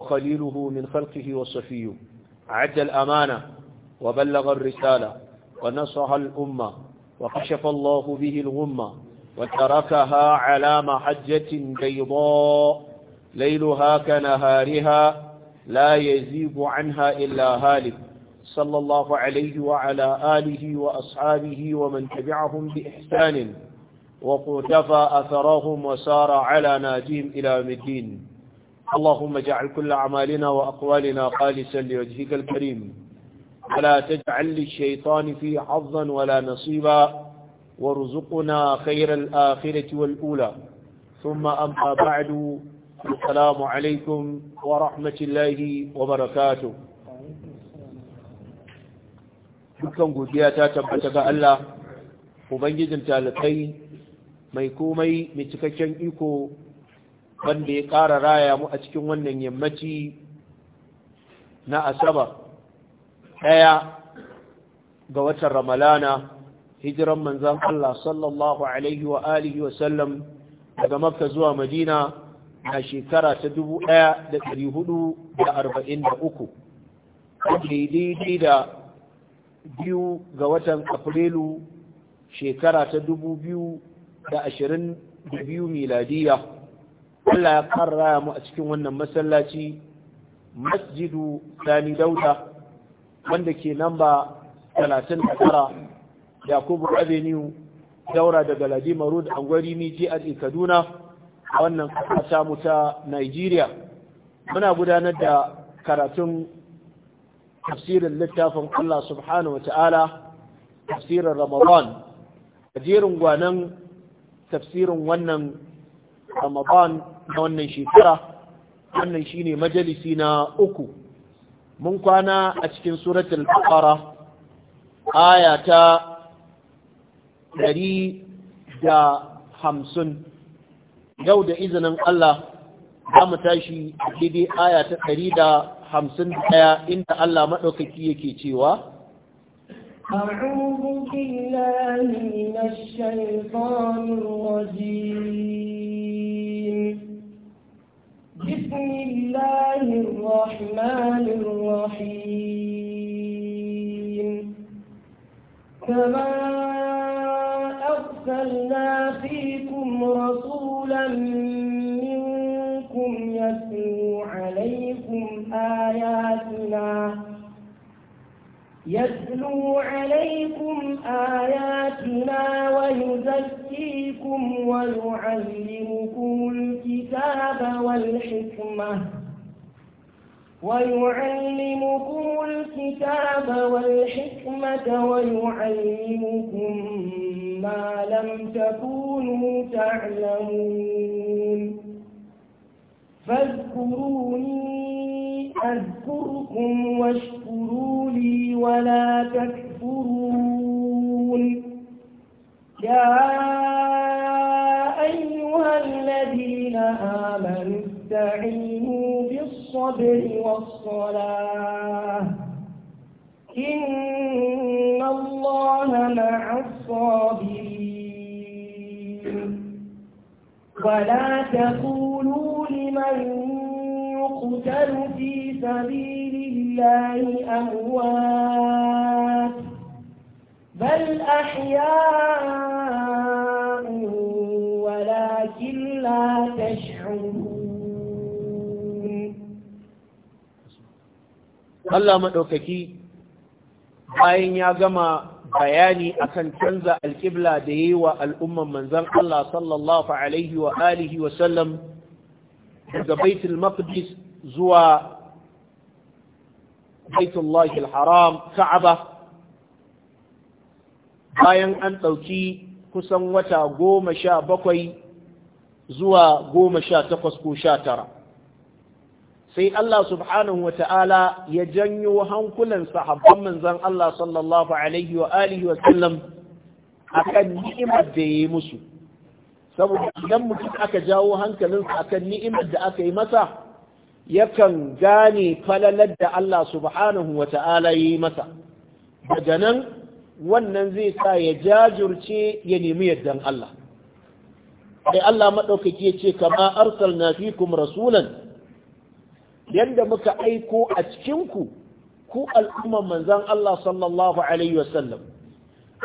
وخليله من خلقه وصفيه عد الأمانة وبلغ الرسالة ونصح الأمة وكشف الله به الغمة وتركها على محجة بيضاء ليلها كنهارها لا يزيب عنها إلا هالك صلى الله عليه وعلى آله وأصحابه ومن تبعهم بإحسان وقتفى أثرهم وسار على ناجيم إلى مدين اللهم اجعل كل أعمالنا وأقوالنا خالصا لوجهك الكريم ولا تجعل للشيطان في حظا ولا نصيبا وارزقنا خير الآخرة والأولى ثم أما بعد السلام عليكم ورحمة الله وبركاته dukkan godiya ta tabbata ga Allah ubangijin talakai mai komai mai cikakken iko wanda ya ƙara raya mu a cikin wannan yammaci na asabar ɗaya ga watan ramalana hijiran manzan Allah sallallahu alaihi wa alihi wa sallam daga makka zuwa madina na shekara ta dubu ɗaya da ɗari hudu da arba'in da uku daidai da biyu ga watan afrilu shekara ta dubu biyu da ashirin da biyu miladiya Allah ya ƙara mu a cikin wannan masallaci masjidu sani dauda wanda ke namba 39 yakubu avenue daura daga ladima road angwari miji a kaduna a wannan ƙasa mu ta nigeria muna gudanar da karatun tafsirin littafin allah subhanahu wa ta'ala tafsirin ramadan a jerin gwanan tafsirin wannan ramadan na wannan shekara wannan shine majalisi na uku mun kwana a cikin suratul baqara aya ta ɗari da hamsin yau da izinin Allah za mu tashi daidai aya ta ɗari da hamsin ɗaya inda Allah maɗaukaki yake cewa أعوذ بالله من الشيطان الرجيم بسم الله الرحمن الرحيم كما أرسلنا فيكم رسولا منكم يتلو عليكم آياتنا يتلو عليكم آياتنا ويزكيكم ويعلمكم الكتاب والحكمة ويعلمكم الكتاب والحكمة ويعلمكم ما لم تكونوا تعلمون فاذكروني أذكركم واشكروا لي ولا تكفرون يا أيها الذين آمنوا استعينوا بالصبر والصلاة إن الله مع الصابرين ولا تقولوا لمن يقتل في سبيل الله أموات بل أحياء ولكن لا تشعرون الله مدوككي bayan ya gama bayani akan canza alƙibla da yi wa al'umman manzan Allah sallallahu Alaihi wa alihi daga baitul maqdis zuwa baitullahi haram ka'aba bayan an ɗauki kusan wata goma sha bakwai zuwa goma sha takwas ko sha tara sai Allah subhanahu wa ta'ala ya janyo hankulan sahabban manzan Allah sallallahu alaihi wa alihi wa sallam akan ni'imar da ya yi musu saboda idan mutum aka jawo hankalinsa akan ni'imar da aka yi masa yakan gane falalar da Allah subhanahu wa ta'ala yi masa daga nan wannan zai sa ya jajirce ya nemi yardan Allah ai Allah maɗaukaki ya ce kama fi kuma rasulan yadda muka aiko a cikinku ku al'umman manzan Allah sallallahu alaihi wasallam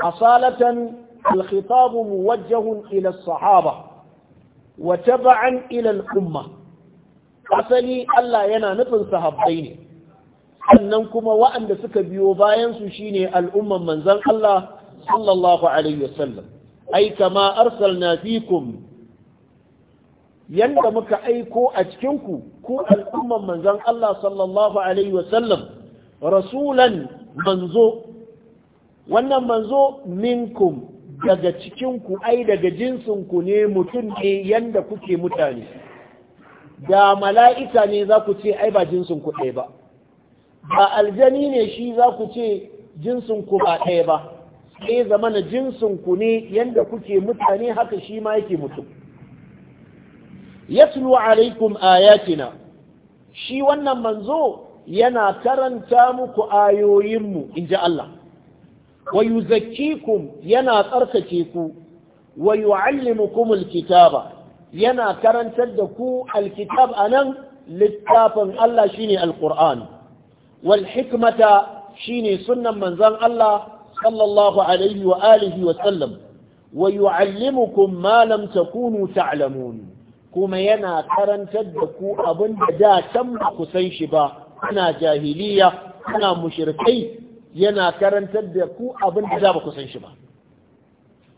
asalatan الخطاب ila sahaba, الصحابة وتبعا إلى umma. asali Allah yana nufin sahabbai ne sannan kuma wa'anda suka biyo bayansu su shine al'umman manzon Allah sallallahu alaihi wasallam ai kama arsalna fikum yanda muka aiko a cikinku ku ku al'umman manzon Allah sallallahu alaihi wasallam rasulan manzo wannan manzo minkum daga cikin ku ai daga jinsin ku ne mutum ne yanda kuke mutane da mala'ika ne za ku ce ai ba jinsin ku ɗaya ba ba aljani ne shi za ku ce jinsin ku ba ɗaya ba sai zama na jinsin ku ne yanda kuke mutane haka shi ma yake mutum yatlu alaikum ayatina shi wannan manzo yana karanta muku ayoyinmu in ji Allah wa yuzakkikum yana tsarkake ku wa yu'allimukum alkitaba yana karantar da ku alkitab anan littafin Allah shine alquran wal hikmata shine sunnan manzon Allah sallallahu alaihi wa alihi wa sallam wa yu'allimukum ma lam takunu ta'lamun kuma yana karantar da ku abinda da can ba ku san shi ba ana jahiliya ana mushrikai yana karantar da ku abinda da ba ku san shi ba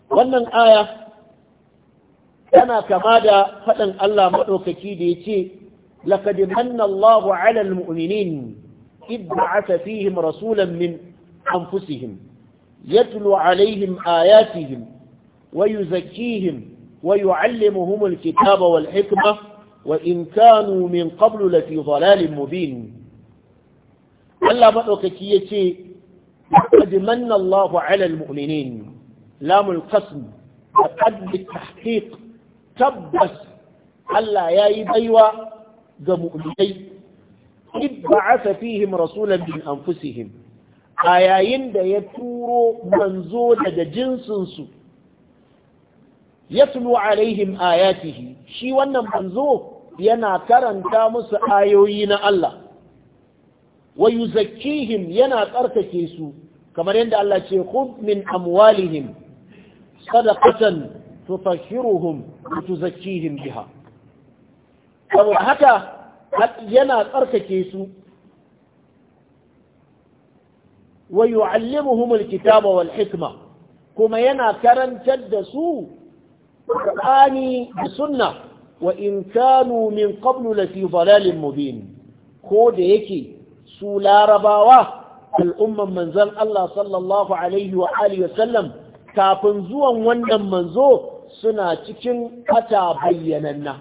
wannan aya Yana kama da faɗin Allah maɗaukaki da yace ce laqad manna Allahu 'ala al-mu'minin idh ba'atha fihim rasulan min anfusihim yatlu 'alayhim ayatihim wa yuzakkihim wa yu'allimuhum al-kitaba wal hikma wa in kanu min qablu lafi dhalalin mubin Allah maɗaukaki yace ce laqad manna Allahu 'ala al-mu'minin lamul qasm قد بالتحقيق tabbas Allah ya yi baiwa ga mu'minai id ba'atha fihim rasulan min anfusihim a yayin da ya turo manzo daga jinsinsu yatlu alaihim ayatihi shi wannan manzo yana karanta musu ayoyi na Allah wa yuzakkihim yana tsarkake su kamar yadda Allah ce khudh min amwalihim sadaqatan tutahhiruhum wa tuzakkihim biha saboda haka yana tsarkake su wa yu'allimuhum alkitaba wal hikma kuma yana karantar da su Qur'ani da sunna wa in kanu min qablu lafi dhalalin mubin ko da yake su larabawa al'umman manzon Allah sallallahu alaihi wa alihi wa sallam kafin zuwan wannan manzo suna cikin kata bayyananna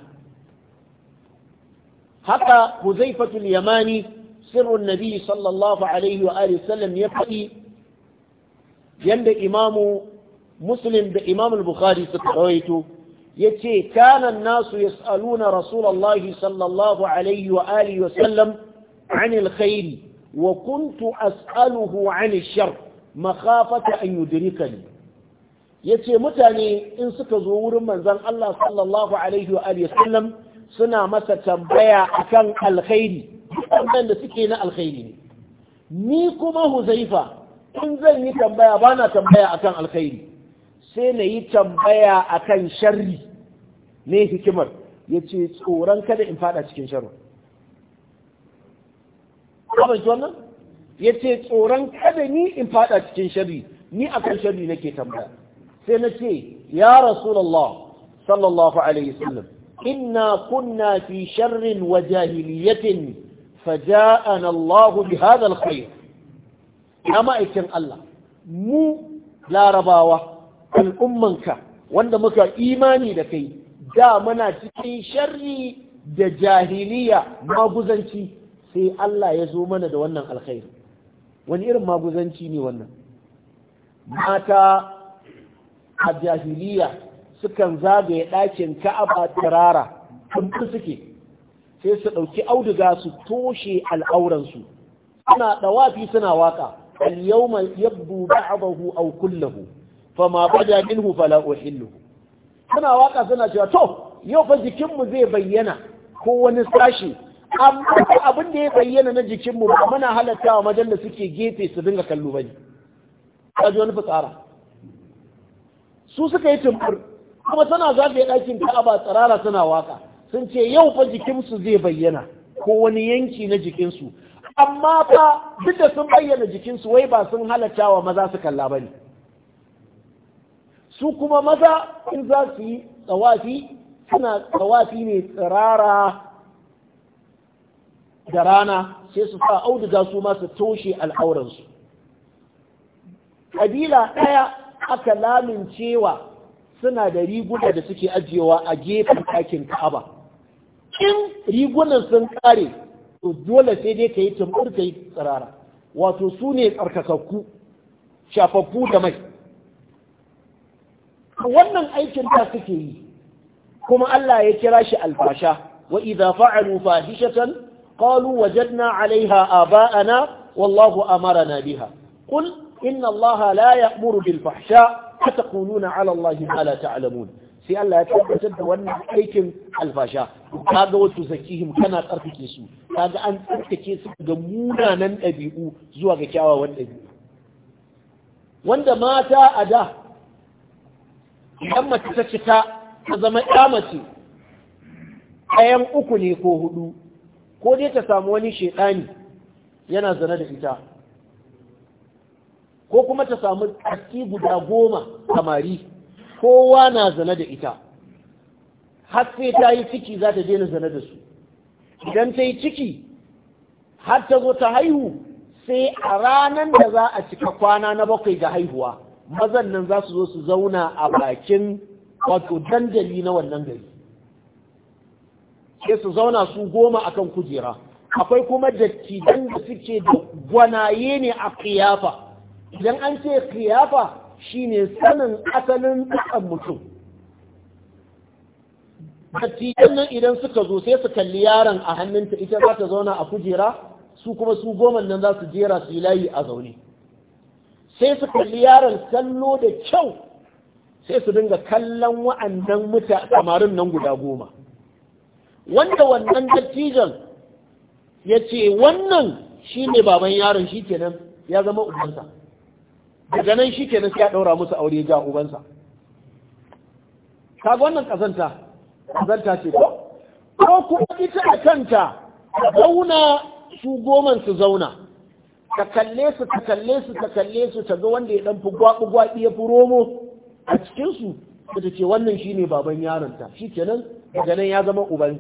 haka huzaifatul yamani sirrun nabi sallallahu alaihi wa alihi sallam ya faɗi yanda imamu muslim da imamul bukhari suka rawaito yace kana nasu yas'aluna rasulullahi sallallahu alaihi wa alihi wa sallam anil khairi wa kuntu as'aluhu anil shar makhafata an yudrikani ya ce mutane in suka zo wurin manzan Allah sallallahu Alaihi wa'alisallam suna masa tambaya akan alkhairi tambayan da suke na alkhairi ne ni kuma huzaifa in zan yi tambaya ba na tambaya akan alkhairi sai na yi tambaya akan sharri ne hikimar ya ce tsoron kada in fada cikin sharri ya ce tsoron kada ni in fada cikin sharri ni akan sharri nake tambaya sai na ce ya rasulallah sallallahu alaihi wasallam inna kunna fi sharrin wa jahiliyatin faja'ana Allah bi hadha alkhair amma Allah mu larabawa al'ummanka wanda muka imani da kai da muna cikin sharri da jahiliya maguzanci sai Allah ya zo mana da wannan alkhairi wani irin maguzanci ne wannan mata a jahiliya sukan zagaye ɗakin ka'aba turara tumbi suke sai su ɗauki auduga su toshe al'auransu suna ɗawafi suna waka al-yawma yabdu ba'dahu aw kulluhu fama bada minhu fala uhillu suna waka suna cewa to yau fa jikinmu zai bayyana ko wani sashi amma abin da ya bayyana na jikinmu ba muna halatta wa suke gefe su dinga kallo bane kaji wani fitsara su suka yi tumbur kuma tana zagaye ɗakin ka'aba tsirara suna waka sun ce yau fa jikinsu zai bayyana ko wani yanki na jikinsu amma fa duk da sun bayyana jikinsu wai ba sun halatta wa maza su kalla ba ne su kuma maza in za su yi tsawafi suna tsawafi ne tsirara da rana sai su sa auduga su masu toshe al'auransu ƙabila ɗaya aka laluncewa suna da riguna da suke ajiyewa a gefen ɗakin ka'aba in rigunan sun kare to dole sai dai ka yi tumbur ka yi tsirara wato su ne tsarkakakku shafaffu da mai wannan aikin ta suke yi kuma Allah ya kira shi alfasha wa idza fa'alu fahishatan qalu wajadna 'alayha aba'ana wallahu amarna biha qul inna Allah la ya'muru bil fahsha ataquluna ala Allah ma la sai Allah ya tabbatar da wannan aikin alfasha kaga wasu zakihim kana tsarkake su ga an tsarkake su ga munanan ɗabi'u zuwa ga kyawawan ɗabi'u wanda mata a da idan mace ta cika ta zama ya mace ɗayan uku ne ko hudu ko dai ta samu wani shaidani yana zane da ita ko kuma ta samu ƙarfi guda goma kamari kowa na zane da ita har sai ta yi ciki za ta daina zane da su idan ta yi ciki har ta zo ta haihu sai a ranar da za a cika kwana na bakwai da haihuwa mazan nan za su zo su zauna a bakin wato dandali na wannan gari sai su zauna su goma akan kujera akwai kuma dattijan da suke da gwanaye ne a kiyafa idan an ce kiyafa shine sanin asalin tsakan mutum dattijan nan idan suka zo sai su kalli yaron a hannunta ita za ta zauna a kujera su kuma su goma nan za su jera su yi layi a zaune sai su kalli yaron kallo da kyau sai su dinga kallon wa'annan muta samarin nan guda goma wanda wannan dattijan ya ce wannan shi ne baban yaron shi kenan ya zama ubansa daga nan shi kenan sai ya ɗaura musu aure ga ubansa kaga wannan ƙazanta ƙazanta ce ko ko kuma ita a kanta zauna su goman su zauna ka kalle su ka kalle su ka kalle su ta ga wanda ya dan fi gwaɓi gwaɓi ya fi romo a cikinsu? su ta ce wannan shi ne baban yaronta shi kenan daga nan ya zama uban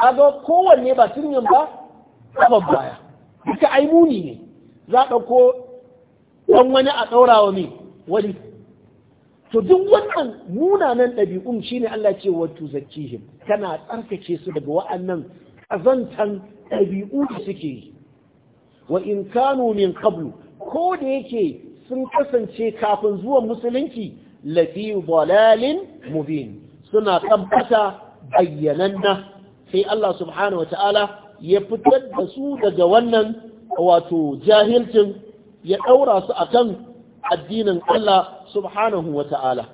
kaga kowanne ba tunyin ba kafan baya duka ai muni ne za a ɗauko ɗan wani a ɗaura wa mai wani to duk wannan munanan ɗabi'un shine Allah ce wa tuzakkihim kana tsarkake su daga wa'annan ƙazantan ɗabi'u da suke yi wa in kanu min qablu ko da yake sun kasance kafin zuwan musulunci lafi dalalin mubin suna tabbata bayyananna sai Allah subhanahu wa ta'ala ya fitar da su daga wannan wato jahilcin ya ɗaura su akan addinin Allah subhanahu wa ta'ala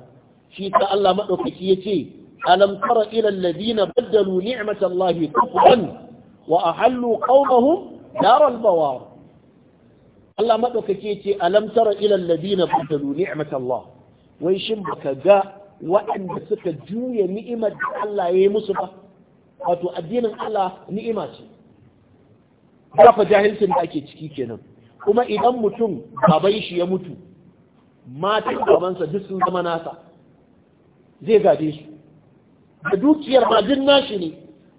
shi ta Allah maɗaukaki ya ce alam tara ila alladhina baddalu ni'matallahi kufran wa a ahallu qaumahum daral bawar Allah maɗaukaki ya ce alam tara ila alladhina baddalu ni'matallah wai shin baka ga waɗanda suka juya ni'imar da Allah ya yi musu ba wato addinin Allah ni'ima ce dafa jahilcin da ake ciki kenan kuma idan mutum baban shi ya mutu matan babansa duk sun zama nasa zai gade su da dukiyar ma duk nashi ne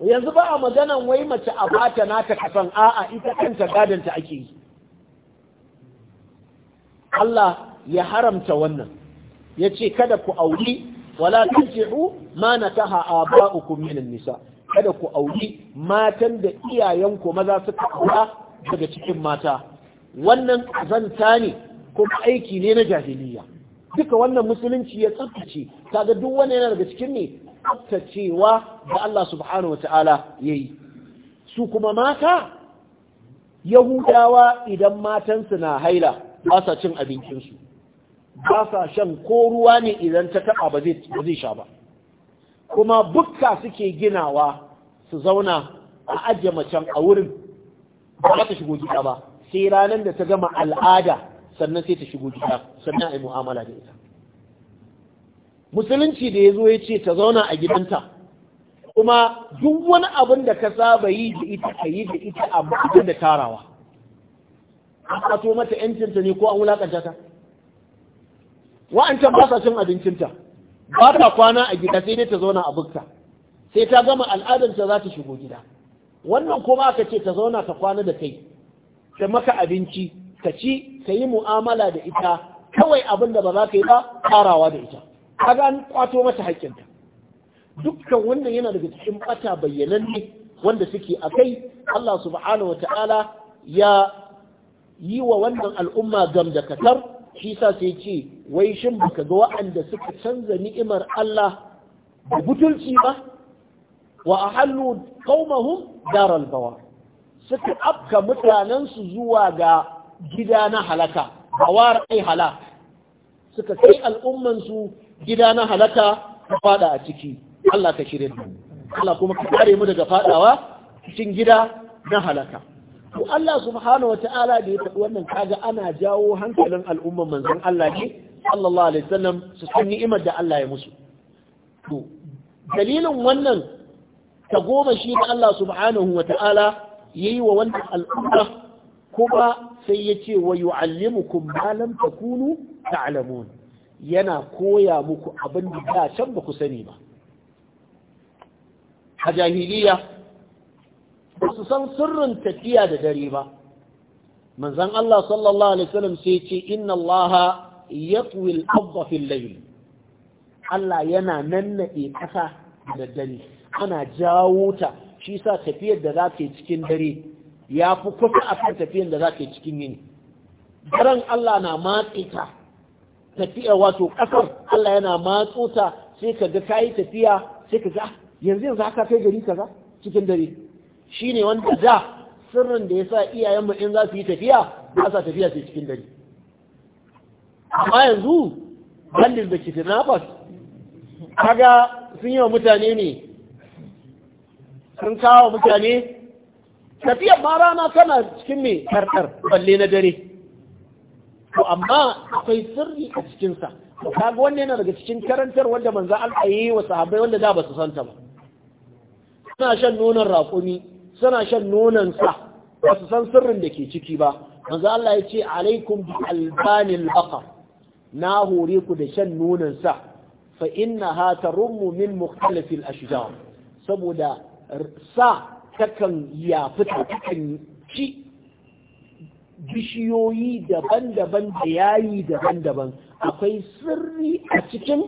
yanzu ba a maganan wai mace a bata nata kasan a'a ita kanta ta ake yi Allah ya haramta wannan ya ce kada ku auri wala tunji'u ma nataha aba'ukum min nisa kada ku auri matan da iyayenku maza suka aura daga cikin mata wannan zanta ne kuma aiki ne na jahiliya duka wannan musulunci ya tsaftace kaga duk wani yana daga cikin ne tsaftacewa da Allah subhanahu wata'ala yayi su kuma mata yahudawa idan matansu na haila ba sa cin abincinsu ba sa shan ko ruwa ne idan ta taɓa ba zai sha ba kuma bukka suke ginawa su zauna a ajiye macen a wurin ba ta shigo gida ba sai ranar da ta gama al'ada sannan sai ta shigo gida sannan a yi mu'amala da ita musulunci da ya zo ya ce ta zauna a gidanta kuma duk wani abin da ka saba yi da ita ka yi da ita a mutum da tarawa an kato mata yancinta ne ko an wulaƙanta ta wa'ancan ba sa cin abincinta ba ta kwana a gida sai dai ta zauna a bukta sai ta gama al'adanta za ta shigo gida wannan kuma aka ce ta zauna ta kwana da kai ta maka abinci ka ci ka yi mu'amala da ita kawai abin da ba za ka yi ba karawa da ita kaga an kwato mata haƙƙinta dukkan wannan yana daga cikin bata bayyananne wanda suke a kai Allah subhanahu wata'ala ya yi wa wannan al'umma katar shi sa sai ce wai shin baka ga wa'anda suka canza ni'imar Allah da butulci ba wa ahallu qaumahum daral suka afka mutanensu zuwa ga gida na halaka bawar ai halak suka kai al'ummansu gida na halaka ta fada a ciki Allah ka shirye mu Allah kuma ka kare mu daga fadawa cikin gida na halaka to Allah subhanahu ta'ala da ya faɗi wannan kaga ana jawo hankalin al'umman manzon Allah ne sallallahu alaihi wasallam su yi imar da Allah ya musu to dalilin wannan ta goma shi da Allah subhanahu wa ta'ala ya yi wa wanda al'umma kuma sai ya ce wa yu'allimukum ta kunu ta ta'lamun yana koya muku abin da ta can ba ku sani ba a jahiliya ba su san sirrin tafiya da dare ba manzon Allah sallallahu alaihi wasallam sai ce inna Allah yatwi fi layl Allah yana nannaɗe ƙasa da dare ana jawo ta shi sa tafiyar da za ka yi cikin dare ya fi kusa a kan tafiyar da za cikin yini daren Allah na matse ta tafiya wato ƙasar Allah yana matso ta sai ka ga kayi tafiya sai ka ga ah, yanzu yanzu haka kai gari kaza cikin dare shi ne wanda da sirrin da ya sa iyayenmu in za su yi tafiya ba sa tafiya sai cikin dare amma yanzu bandin da ke tinafas kaga sun yi wa mutane ne sun kawo mutane tafiyar ma rana tana cikin mai karkar balle na dare to amma akwai sirri a cikinsa kaga wanne yana daga cikin karantar wanda manzo Allah yi wa sahabbai wanda da ba su santa ba suna shan nonon raƙumi suna shan nonon sa ba su san sirrin da ke ciki ba manzo Allah ya ce alaikum bi albanil baqar na hore ku da shan nonon sa fa innaha tarummu min mukhtalifil ashjar saboda sa takan ta takan ci bishiyoyi daban-daban da yayi daban-daban akwai sirri a cikin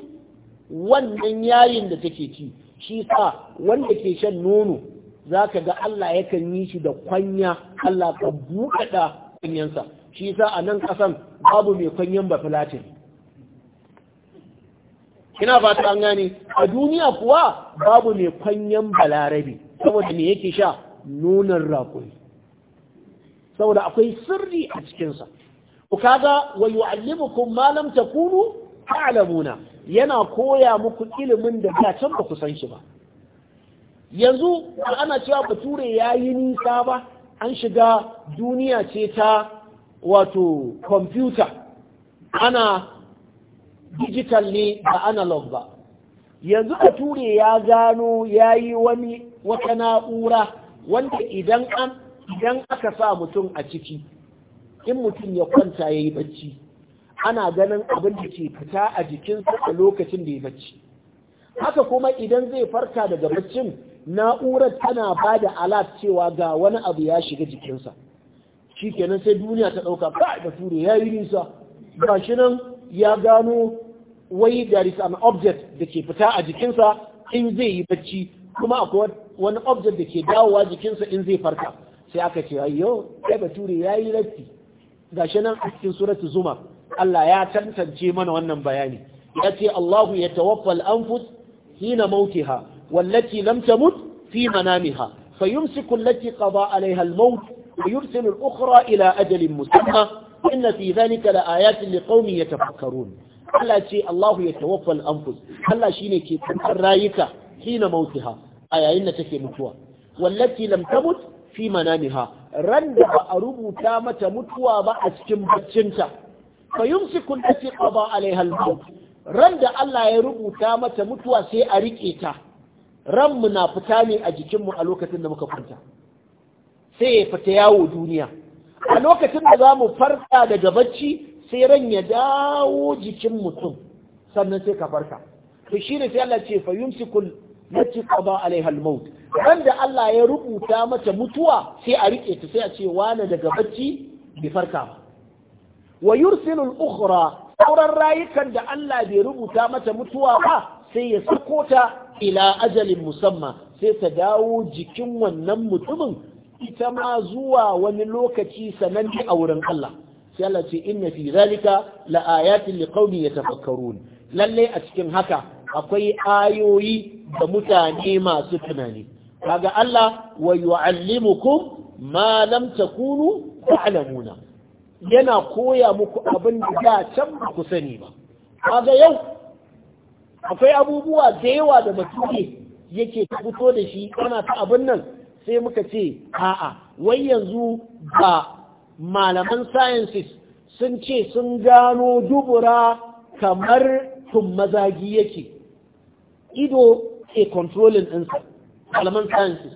wannan yayin da take ci shi sa wanda ke shan nono za ka ga Allah yakan yi shi da kwanya Allah ka buɗaɗa kwanyansa shi sa a nan ƙasan babu mai kwanyan bafilatin Kina ba ta an gane a duniya kuwa babu mai kwanyan balarabe saboda me yake sha nunar rakuri saboda akwai sirri a cikinsa ku kaga wa yu'allimukum ma lam takunu ta'lamuna yana koya muku ilimin da ba can ba ku san shi ba yanzu ana cewa ba bature yayi nisa ba an shiga duniya ce ta wato kwamfuta ana digital ne ba analog ba yanzu a ture ya gano ya yi wani wata na'ura wanda idan an idan aka sa mutum a ciki in mutum ya kwanta ya yi bacci ana ganin abin da ke fita a jikinsa a lokacin da ya bacci haka kuma idan zai farka daga baccin na'urar tana ba da alat cewa ga wani abu ya shiga jikinsa shi kenan sai duniya ta ɗauka ba da ture ya yi nisa ga shi nan ya gano wai there is an object da ke fita a jikinsa in zai yi bacci kuma akwai wani object da ke dawowa jikinsa in zai farka sai aka ce ayyo kai bature ya yi latti gashi nan a cikin suratu zuma Allah ya tantance mana wannan bayani ya ce Allahu ya tawaffa al-anfus hina mautiha wallati lam tamut fi manamiha fayumsiku allati qada alaiha al-maut ويرسل الأخرى إلى أجل مسمى inna fi zalika la ayatin liqaumin yatafakkarun Allah ce Allahu ya tawaffal anfus Allah shine ke tsantsar rayuka hina mautiha a yayin da take mutuwa wallati lam tamut fi manamiha ran da ba a rubuta mata mutuwa ba a cikin baccinta fa yumsiku allati qada alaiha al-maut ran da Allah ya rubuta mata mutuwa sai a rike ta ran mu na fita ne a jikinmu a lokacin da muka kwanta sai ya fita yawo duniya a lokacin da za mu farka daga bacci sai ran ya dawo jikin mutum sannan sai ka farka to shi ne sai Allah ce fa yumsikul lati qada alaiha al wanda Allah ya rubuta mata mutuwa sai a rike ta sai a ce wani daga bacci bi farka wa yursilu al-ukhra sauran rayukan da Allah bai rubuta mata mutuwa ba sai ya sako ta ila ajalin musamma sai ta dawo jikin wannan mutumin ita ma zuwa wani lokaci sananne a wurin Allah sai Allah ce inna fi zalika la ayatin liqaumin yatafakkarun lalle a cikin haka akwai ayoyi da mutane masu tunani kaga Allah wa yu'allimukum ma lam takunu ta'lamuna yana koya muku abin da da can ba ku sani ba kaga yau akwai abubuwa da yawa da mutum yake fito da shi ana ta abin nan sai muka ce a'a wai yanzu ba malaman sciences sun ce sun gano dubura kamar mazagi yake ido ke controlling ɗinsa malaman sciences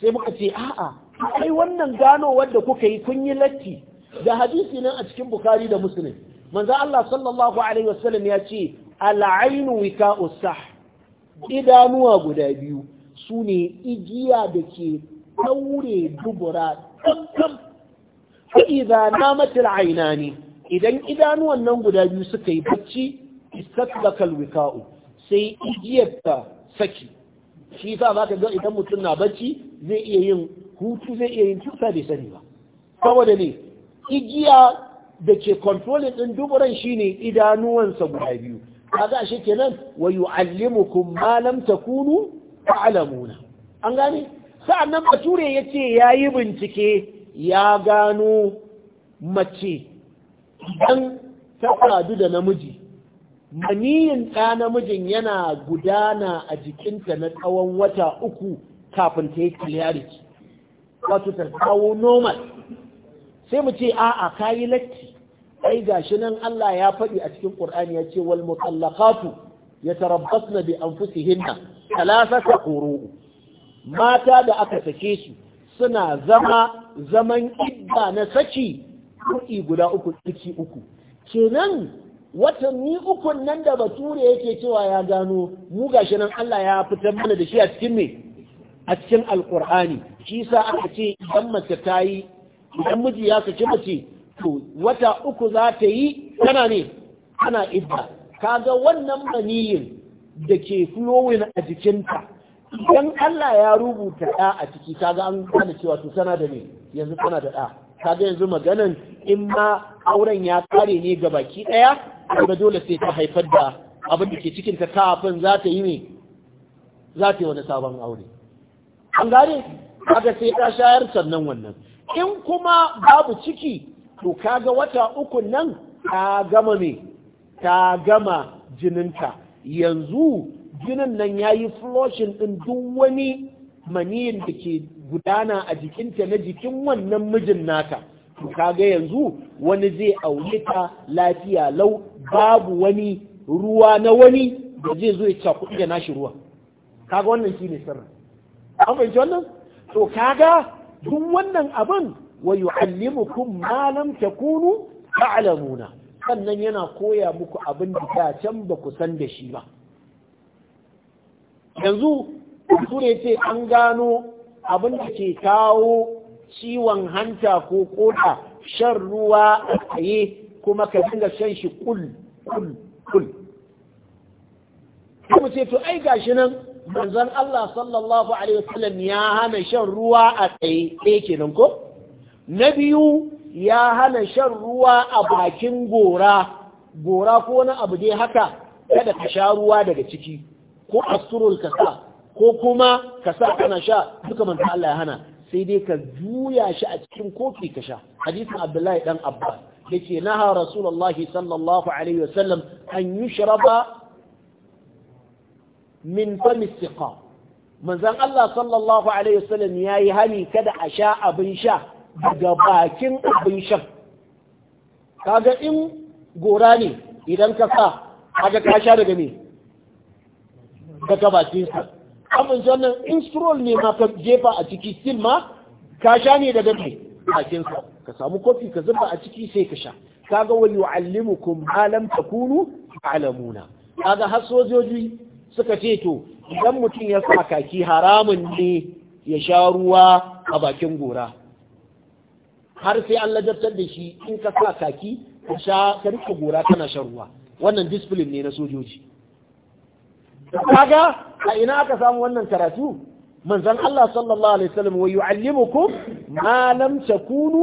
sai muka ce a'a kai wannan gano wadda kuka yi kun yi latti da hadisi nan a cikin bukari da musulun Manza Allah sallallahu alaihi wasallam ya ce al'ainu wika sah idanuwa guda biyu su ne igiya da ke daure dubura ɗanɗan fa'iza na matar aina ne idan idanuwan nan guda biyu suka yi bacci istatlakal wika'u sai igiyar ta saki shi ta za ka ga idan mutum na bacci zai iya yin hutu zai iya yin cuta da sani ba saboda ne igiya da ke kontrolin ɗin duburan shine idanuwansa guda biyu ga shi kenan wa yu'allimukum malam ta kunu? fa'alamuna an gane sa'annan bature ya ce ya yi bincike ya gano mace idan ta sadu da namiji maniyin ɗa namijin yana gudana a jikinta na tsawon wata uku kafin ta yi clarity wato ta kawo normal sai mu ce a'a kayi latti ai shi nan Allah ya faɗi a cikin Ƙur'ani ya ce wal mutallaqatu tarabbasna bi an anfusihinna talasata ƙoro'u mata da aka sake su suna zama zaman idda na saki kuɗi guda uku tsiki uku kenan watanni ukun nan da bature yake cewa ya gano mu gashi nan Allah ya fitar mana da shi a cikin me a cikin alkur'ani shi sa aka ce idan mace ta yi idan miji ya saki mace to wata uku za ta yi tana ne ana idda kaga wannan maniyin da ke flowing a jikinta idan Allah ya rubuta ɗa a ciki kaga an gane cewa to tana da ne yanzu tana da ɗa kaga yanzu maganan in ma auren ya kare ne ga baki ɗaya kaga dole sai ta haifar da abin da ke cikin ta kafin za ta yi ne za ta yi wani sabon aure an gane kaga sai ta shayar sannan wannan in kuma babu ciki to kaga wata uku nan ta gama ne ta gama jininta yanzu jinin nan ya yi flushing ɗin duk wani maniyin da ke gudana a jikinta na jikin wannan mijin naka to kaga yanzu wani zai aure ta lafiya lau babu wani ruwa na wani da zai zo ya cakuɗi da nashi ruwa kaga wannan shi ne sirri an fahimci wannan to kaga duk wannan abin wa yu'allimukum ma lam takunu ta'lamuna sannan yana koya muku abin da ta can ba ku san da shi ba yanzu ture ce an gano abin da ke kawo ciwon hanta ko koda shan ruwa a tsaye kuma ka dinga shan shi kul kul kul kuma ce to ai gashi nan manzon Allah sallallahu alaihi wasallam ya hana shan ruwa a tsaye ɗaya kenan ko na biyu ya hana shan ruwa a bakin gora gora ko wani abu dai haka kada ka sha ruwa daga ciki ko asturul ka sa ko kuma ka sa kana sha duka manta Allah ya hana sai dai ka juya shi a cikin kofi ka sha hadisin Abdullahi dan Abbas yace naha Rasulullahi sallallahu alaihi wasallam an yushraba min fami siqa manzon Allah sallallahu alaihi wasallam yayi hani kada a sha abin sha daga bakin abin shan kaga in gora ne idan ka sa kaga ka sha daga me daga bakin sa abin sannan in stroll ne ma ka jefa a ciki still ma ka sha ne daga me bakin sa ka samu kofi ka zuba a ciki sai ka sha kaga wa yu'allimukum ma lam takunu ta'lamuna kaga har sojoji suka ce to idan mutum ya sa kaki haramun ne ya sha ruwa a bakin gora har sai an ladabtar da shi in ka sa kaki ka sha ka rika gora kana shan ruwa wannan discipline ne na sojoji kaga a ina aka samu wannan karatu manzon Allah sallallahu alaihi wasallam wa yu'allimukum ma lam takunu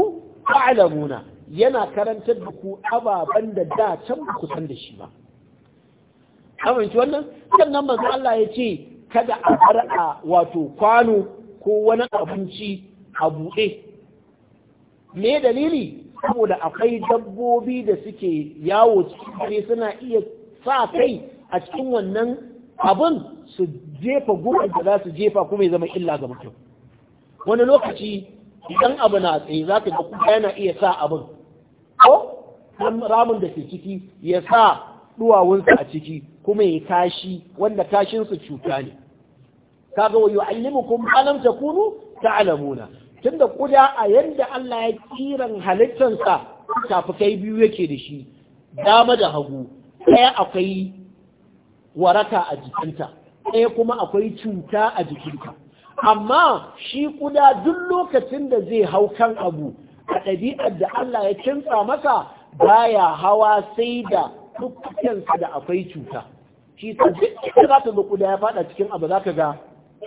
ta'lamuna yana karantar da ku ababen da da can ku san da shi ba amince wannan sannan manzon Allah ya ce kada a far'a wato kwano ko wani abinci a buɗe me dalili saboda akwai dabbobi da suke yawo cikin suna iya sa kai a cikin wannan abin su jefa gurin da za su jefa kuma ya zama illa ga mutum wani lokaci idan abu na tsaye za ka ga kuma yana iya sa abin ko ramin da ke ciki ya sa duwawunsa a ciki kuma ya tashi wanda tashinsu cuta ne kaga wa yu'allimukum alam ta alamuna. tunda kuda a yadda Allah ya kiran halittarsa kai biyu yake da shi dama da hagu ɗaya akwai waraka a jikinta ɗaya kuma akwai cuta a jikinta amma shi kuda duk lokacin da zai hau kan abu a ɗabi'ar da Allah ya kinsa masa baya hawa sai da dukkansa da akwai cuta shi ta duk za ta kuda ya faɗa cikin abu za ka ga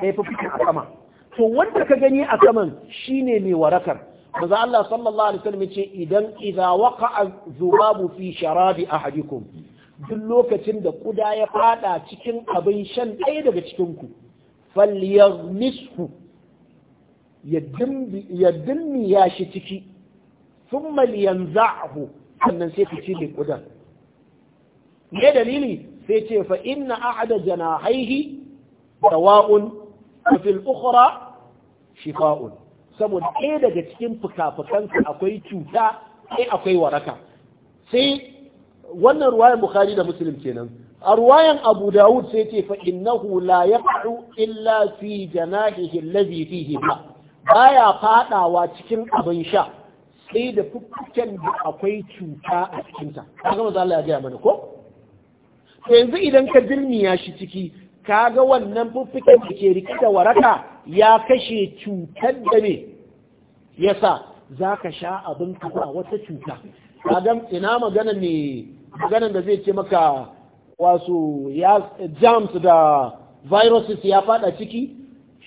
ɗaya fi a sama to wanda ka gani a saman shine mai warakar maza Allah sallallahu alaihi wasallam ce idan idza waqa'a zubabu fi sharabi ahadikum duk lokacin da kuda ya fada cikin abin shan ɗaya daga cikin ku falyazmishu ya dimmi ya shi ciki thumma liyanza'hu sannan sai ku cire kudan me dalili sai ce fa inna ahada janahaihi dawa'un wa fil ukhra shifa'un saboda ɗaya daga cikin fuka-fukansa akwai cuta sai akwai waraka sai wannan ruwayan bukhari da muslim kenan a ruwayan abu dawud sai ce fa hula la yaqa'u illa fi janahihi allazi fihi ba baya fadawa cikin abin sha sai da fuffuken da akwai cuta a cikinta ta mana ko to yanzu idan ka dirmiya shi ciki kaga wannan fuffikin da ke rike da waraka ya kashe cutar da me yasa za ka sha abin kafa wata cuta kaga ina magana ne magana da zai ce maka wasu ya germs da viruses ya fada ciki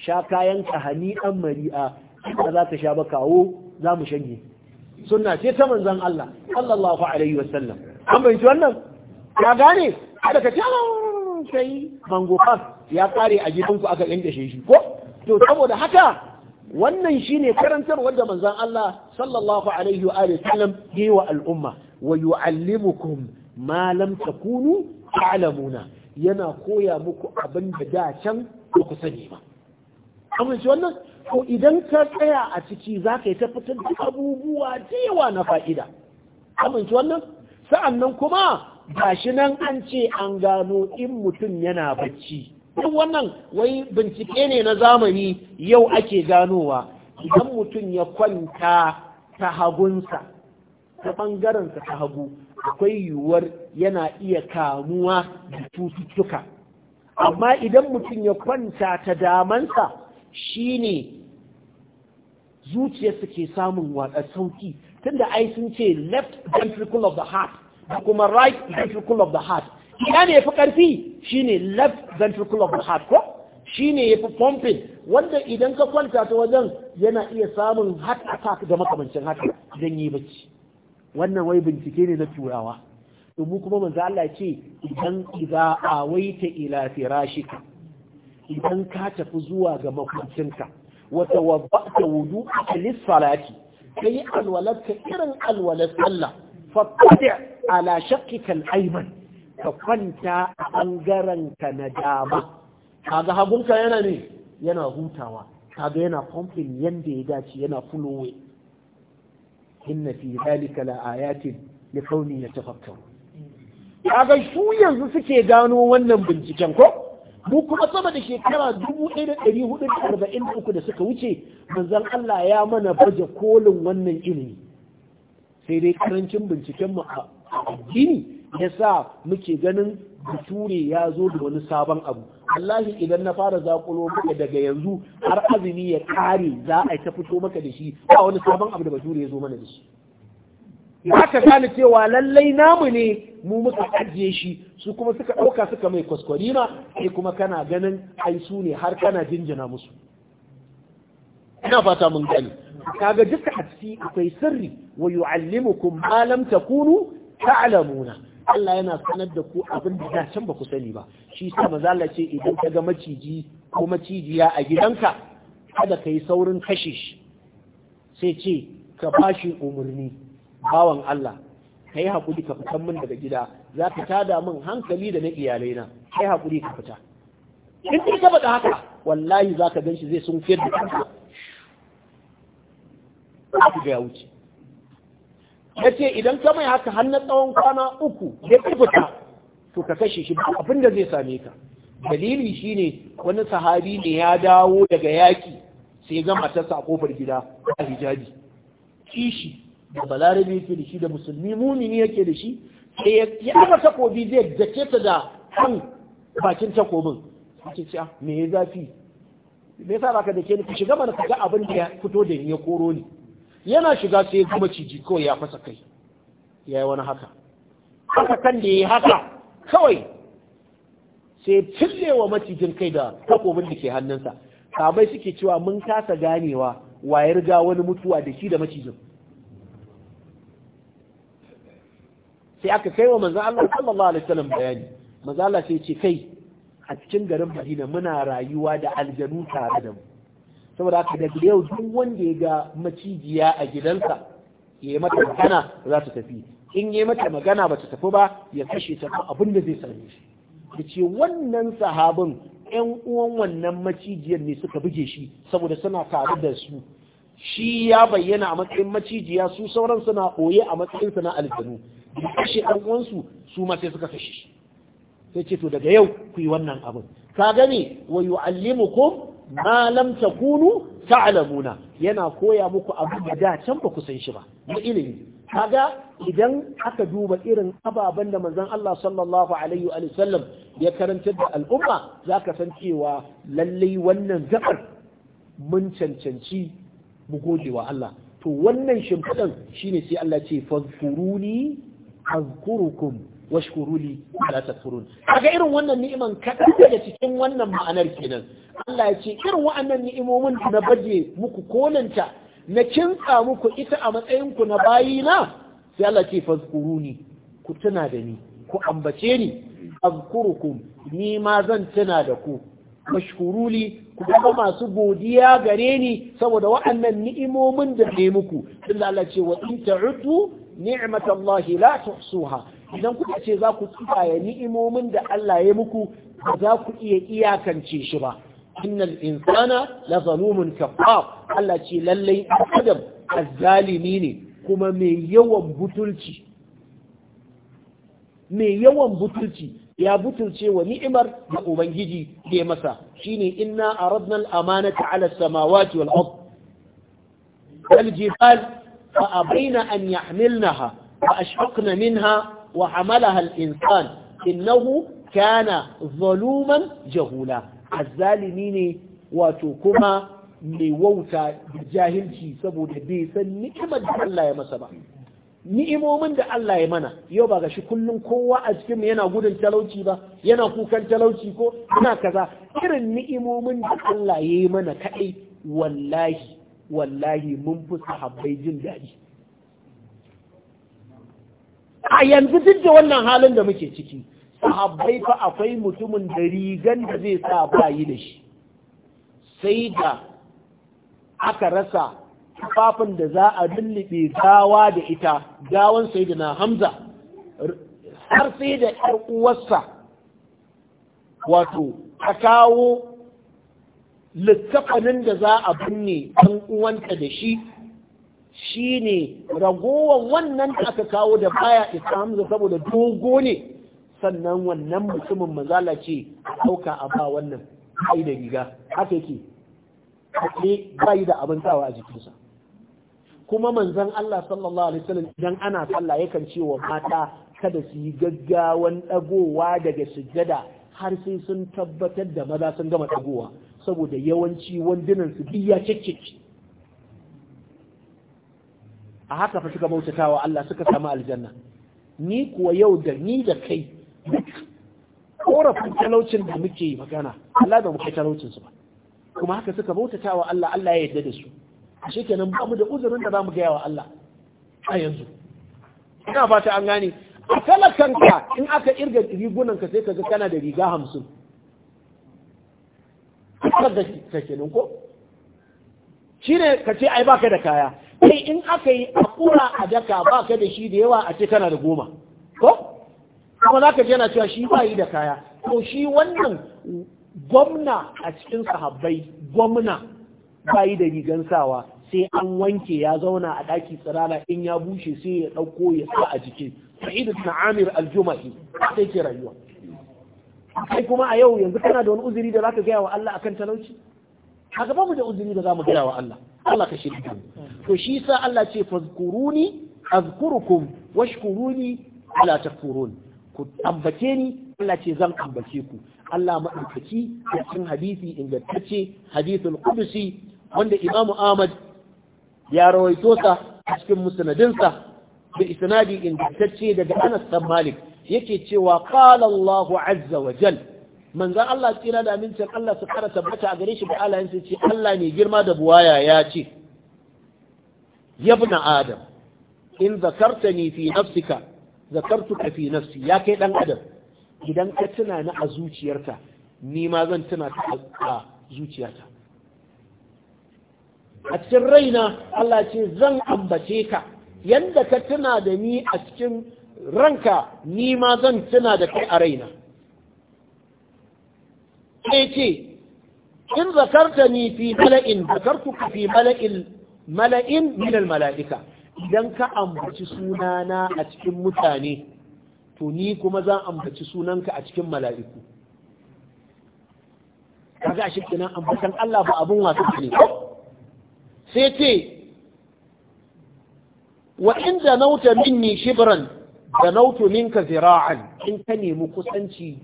sha kayan ka hani'an mari'a ba za ka sha ba kawo za mu shanye suna ce ta manzan Allah sallallahu alaihi wasallam an bayyana wannan ka gane kada ka kun kai mango ya kare a gidanku aka yankashe shi ko to saboda haka wannan shine karantar da manzon Allah sallallahu alaihi wa alihi sallam yi wa al'umma wa yu'allimukum ma lam takunu ta'lamuna yana koya muku abin da da can ba ku sani ba amince wannan ko idan ka tsaya a ciki zaka yi ta fitar da abubuwa da yawa na fa'ida amince wannan sa'annan kuma ba shi nan an ce an gano in mutum yana bacci duk wannan wai bincike ne na zamani yau ake ganowa idan mutum ya kwanta ta hagunsa ta ɓangarensa ta hagu akwai yiwuwar yana iya kamuwa da cututtuka amma idan mutum ya kwanta ta damansa shine zuciyarsa ke samun watsa sauki tunda ai sun ce left ventricle of the heart da kuma right ventricle of the heart ina ne yafi karfi shine left ventricle of the heart ko shine fi pumping wanda idan ka kwanta ta wajen yana iya samun heart attack da makamancin haka idan yi bacci wannan wai bincike ne na turawa domin kuma manzo Allah ce idan idza awaita ila firashika idan ka tafi zuwa ga makwancinka wa tawabbata wudu'aka lis-salati kai alwalarka irin alwalar sallah fattabi ala shaqqika al-ayman ka kwanta a bangaren ka na dama kaga hagunka yana hutawa kaga yana pumping yanda ya dace yana flowing inna fi zalika la ayatin li qaumin yatafakkarun kaga su yanzu suke gano wannan binciken ko mu kuma sama da shekara 1443 da suka wuce manzon Allah ya mana baje kolin wannan ilimi sai dai karancin binciken mu a addini ya sa muke ganin bature ya zo da wani sabon abu wallahi idan na fara zakulo maka daga yanzu har azumi ya ƙare za a ta fito maka da shi ba wani sabon abu da bature ya zo mana da shi ya ka gane cewa lallai namu ne mu muka ajiye shi su kuma suka ɗauka suka mai kwaskwarima sai kuma kana ganin ai su ne har kana jinjina musu ina fata mun gani kaga duka hadisi akwai sirri wa yu'allimukum ma lam takunu ta'lamuna Allah yana sanar da ku abin da da can ba ku sani ba shi sa maza Allah ce idan ka ga maciji ko macijiya a gidanka kada ka yi saurin kashe shi sai ce ka bashi umarni bawan Allah ka hakuri ka fitan min daga gida za ka tada min hankali da na iyalaina ka yi hakuri ka fita in dai ka faɗa haka wallahi za ka gan shi zai sun fiyar da kanka abu da ya wuce ya ce idan ka mai haka hannun tsawon kwana uku ya kubuta to ka kashe shi ba abin da zai same ka dalili shine wani sahabi ne ya dawo daga yaki sai ga matarsa a kofar gida a hijabi kishi da balarabe yake da shi da musulmi mumini yake da shi sai ya aka takobi zai dace ta da kan bakin takobin sai ce ah, me ya zafi me yasa baka da ke ni ku shiga mana ga abin da ya fito da ni ya koro ni yana shiga sai ya kuma ciji kawai ya fasa kai ya yi wani haka haka kan da ya yi haka kawai sai cille wa macijin kai da takobin da ke hannunsa sabai suke cewa mun kasa ganewa wa ya riga wani mutuwa da shi da macijin sai aka kai wa manzan Allah sallallahu alaihi wasallam bayani manzan Allah sai ce kai a cikin garin Madina muna rayuwa da aljanu tare da mu saboda haka daga yau duk wanda ya ga macijiya a gidansa ya yi mata magana za ta tafi in yi mata magana ba ta tafi ba ya kashe ta ba abin da zai same shi da ce wannan sahabin yan uwan wannan macijiyar ne suka buge shi saboda suna tare da su shi ya bayyana a matsayin macijiya su sauran suna ɓoye a matsayin su na aljanu da kashe ɗan uwansu su ma sai suka kashe shi sai ce to daga yau ku yi wannan abin ka gane wa yu'allimukum ma lam takunu ta'lamuna yana koya muku abu. da da can ba ku san shi ba mu ilimi kaga idan aka duba irin ababen da manzon Allah sallallahu alaihi wa sallam ya karantar da al'umma zaka san cewa lalle wannan zakar mun cancanci mu gode wa Allah to wannan shimfidan shine sai Allah ce fadhkuruni azkurukum washkuru li la takfurun kaga irin wannan ni'iman kadan daga cikin wannan ma'anar kenan Allah ya ce irin wa'annan ni'imomin da na baje muku konanta na kinsa muku ita a matsayin ku na bayina sai Allah ce fazkuruni ku tuna da ni ku ambace ni azkurukum ni ma zan tuna da ku mashkuruli ku zama masu godiya gare ni saboda wa'annan ni'imomin da ne muku tunda Allah ce wa in ta'udu ni'matallahi la tuhsuha idan kuka ce za ku tsaya ni'imomin da Allah ya muku ba za ku iya iyakance shi ba innal insana la zalumun kafar Allah ce lallai adam azzalimi ne kuma mai yawan butulci mai yawan butulci ya butulce wa ni'imar da ubangiji ke masa shine inna aradna al-amanata ala samawati wal ard wal jibal fa abaina an yahmilnaha wa ashfaqna minha wa hamalaha al-insan innahu kana zaluman jahula azzalimi ne wato kuma mai wauta da jahilci saboda bai san ni'imar da Allah ya masa ba ni'imomin da Allah ya mana yau ba gashi kullum kowa a cikin yana gudun talauci ba yana kukan talauci ko yana kaza irin ni'imomin da Allah ya yi mana kaɗai, wallahi wallahi mun fi sahabbai jin daɗi a yanzu duk da wannan halin da muke ciki sahabbai fa akwai mutumin da rigan da zai sa bayi da shi sai da aka rasa tufafin da za a lullube gawa da ita gawan sai da na hamza har sai da ‘yar uwarsa wato ta kawo littafanin da za a binne ɗan uwanta da shi Shi ne ragowar wannan da aka kawo da baya isa hamza saboda dogo ne sannan wannan mutumin mazala ce ɗauka a ba wannan ai da riga haka yake ne bai da abin sawa a jikinsa kuma manzon Allah sallallahu alaihi wasallam idan ana sallah yakan ce wa mata kada su yi gaggawan dagowa daga sujjada har sai sun tabbatar da maza sun gama dagowa saboda yawanci wandunan su biya cikici a haka fa suka bautatawa Allah suka samu aljanna ni kuwa yau da ni da kai korafin talaucin da muke magana Allah da muke talaucin su ba kuma haka suka bautatawa Allah Allah ya yarda da su shikenan ba mu da uzurin da zamu gaya wa Allah a yanzu ina fata an gane a talakanka in aka irga ka sai kaga kana da riga hamsin ka kenan ko shine ka ce ai baka da kaya sai in aka yi a kura a daka ba ka da shi da yawa a ce kana da goma ko kuma za ka je na cewa shi ba yi da kaya ko shi wannan gwamna a cikin sahabbai gwamna ba yi da rigan sawa sai an wanke ya zauna a ɗaki tsirara in ya bushe sai ya ɗauko ya sa a jiki sa'idu na amir aljumahi sai ke rayuwa kai kuma a yau yanzu kana da wani uzuri da za ka gaya wa Allah akan talauci a gaba mu da uzuri da za mu gaya wa Allah Allah ka shirya to shi sa Allah ce fazkuruni azkurukum washkuruni ala takfurun ku ambace ni Allah ce zan ambace ku Allah maɗaukaki a cikin hadisi ingantacce hadithul qudsi wanda Imam Ahmad ya rawaito sa a cikin musanadinsa. da isnadi ingantacce daga Anas bin Malik yake cewa qala Allahu azza wa jalla manzan Allah tsira da amincin Allah su kara tabbata a gare shi da Allah sai ce Allah ne girma da buwaya ya ce yabna adam in zakarta zakartani fi nafsika zakartuka fi nafsi ya kai dan adam idan ka tuna ni a zuciyarka ni ma zan tuna ka a zuciyarka a cikin raina Allah ce zan ambace ka yanda ka tuna da ni a cikin ranka ni ma zan tuna da kai a raina sai ce in zakarta ni fi mala'in zakartuka fi mala'in mala'in mala'ika idan ka ambaci sunana a cikin mutane to ni kuma zan ambaci sunanka a cikin mala'iku kaga shi kenan ambatan Allah ba abun wasu ne sai ce wa inda nauta minni shibran da nautu minka zira'an in ka nemi kusanci